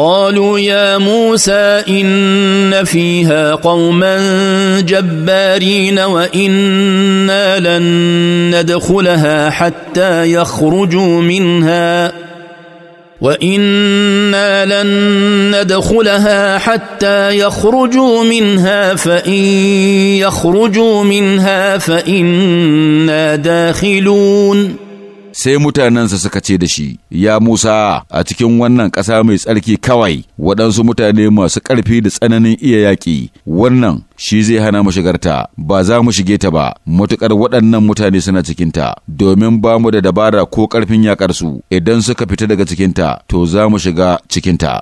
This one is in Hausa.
قالوا يا موسى ان فيها قوما جبارين وانا لن ندخلها حتى يخرجوا منها وانا لن ندخلها حتى يخرجوا منها فان يخرجوا منها فانا داخلون sai mutanensa suka ce da shi, Ya Musa, a cikin wannan ƙasa mai tsarki kawai, waɗansu mutane masu ƙarfi da tsananin iya yaƙi, wannan shi zai hana mu shigarta, ba za mu shige ta ba, matuƙar waɗannan mutane suna cikinta, domin ba mu da dabara ko ƙarfin yaƙarsu, idan suka fita daga cikinta, to za mu shiga cikinta.